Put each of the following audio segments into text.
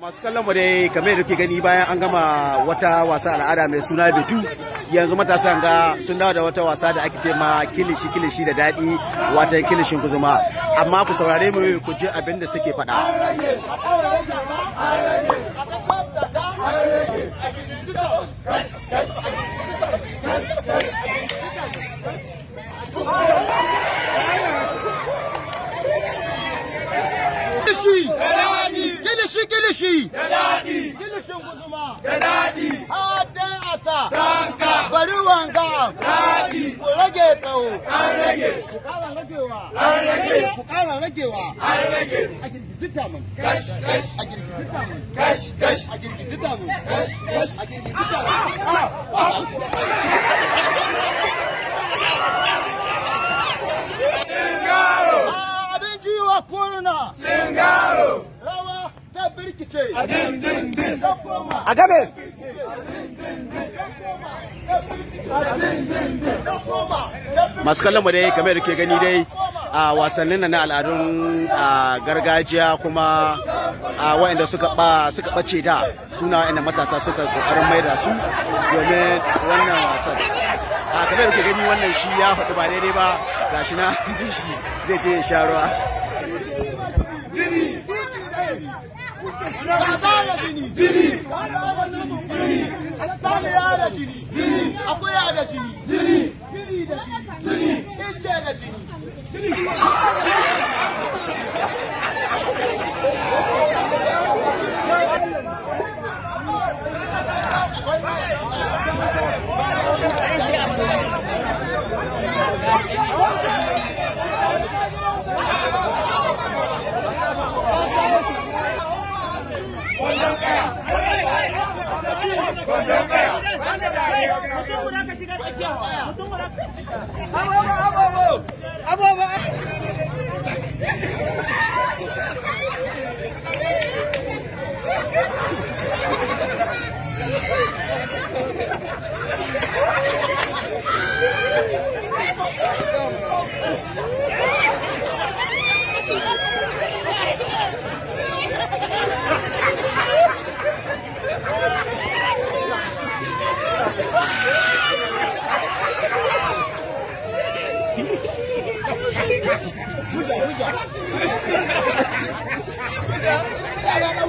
masu kallon mu dai kamar yadda kuke gani bayan an gama wata wasa al'ada mai suna betu yanzu matasan ga sun dawo da wata wasa da ake ce ma kilishi kilishi da daɗi wata kilishin kuzuma amma ku saurare mu ku ji abin da suke faɗa كل شيء كل شيء كل شيء كل شيء يا دادي ƙara ragewa an rage ku ƙara ragewa an rage a girgiji tamun kash kash a girgiji tamun kash kash a girgiji tamun kash kash a girgiji tamun ah, ah. Singaro! Ah, abin jiwa kurna! Singaro! Rawa ta birkice! A din din din! A gabe! masu kallon mu dai kamar ke gani dai a wasannin na al'adun gargajiya kuma a waɗanda suka ba suka bace da suna waɗanda matasa suka kokarin mai da su domin wannan wasan a kamar ke gani wannan shi ya faɗi ba daidai ba gashi na shi zai je ya sha ruwa akwai da jini jini jini da jini jini da jini jini Abo ka shiga tsakiya mutum guda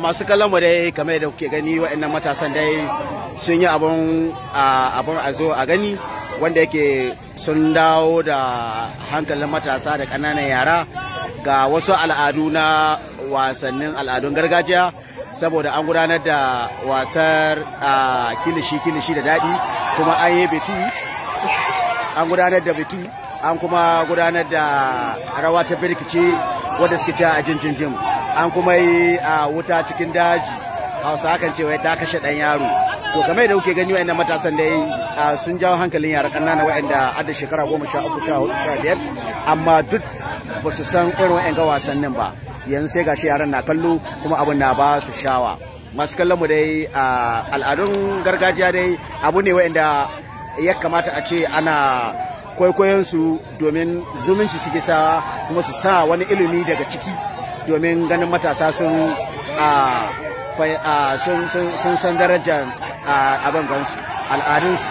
masu kallon mu dai kamar da kuke gani waɗannan matasan dai sun yi abun abun a zo a gani wanda yake sun dawo da hankalin matasa da ƙananan yara ga wasu al'adu na wasannin al'adun gargajiya saboda an gudanar da wasar kilishi-kilishi da daɗi kuma an yi betu an gudanar da betu an kuma gudanar da rawa ta birkice wadda suke ci a jinjin jim. an kuma yi a wuta cikin daji hausa hakan cewa ta kashe ɗan yaro to kamar da kuke gani wa'annan matasan da sun jawo hankalin yara ƙanana wa'anda adda shekara goma sha uku sha hudu sha biyar amma duk ba su san irin wa'anga wasannin ba yanzu sai gashi yaran na kallo kuma abun na ba su shawa masu kallon mu dai al'adun gargajiya dai abu ne wa'anda ya kamata a ce ana kwaikwayon su domin zumunci suke sa kuma su sa wani ilimi daga ciki domin ganin matasa sun sun san darajar abin gansu al'adunsu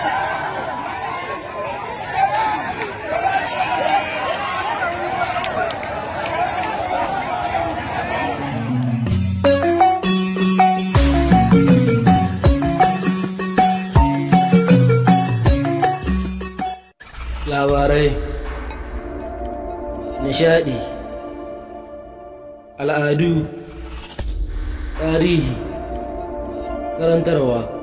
labarai nishadi al-adu tarihi tarantarawa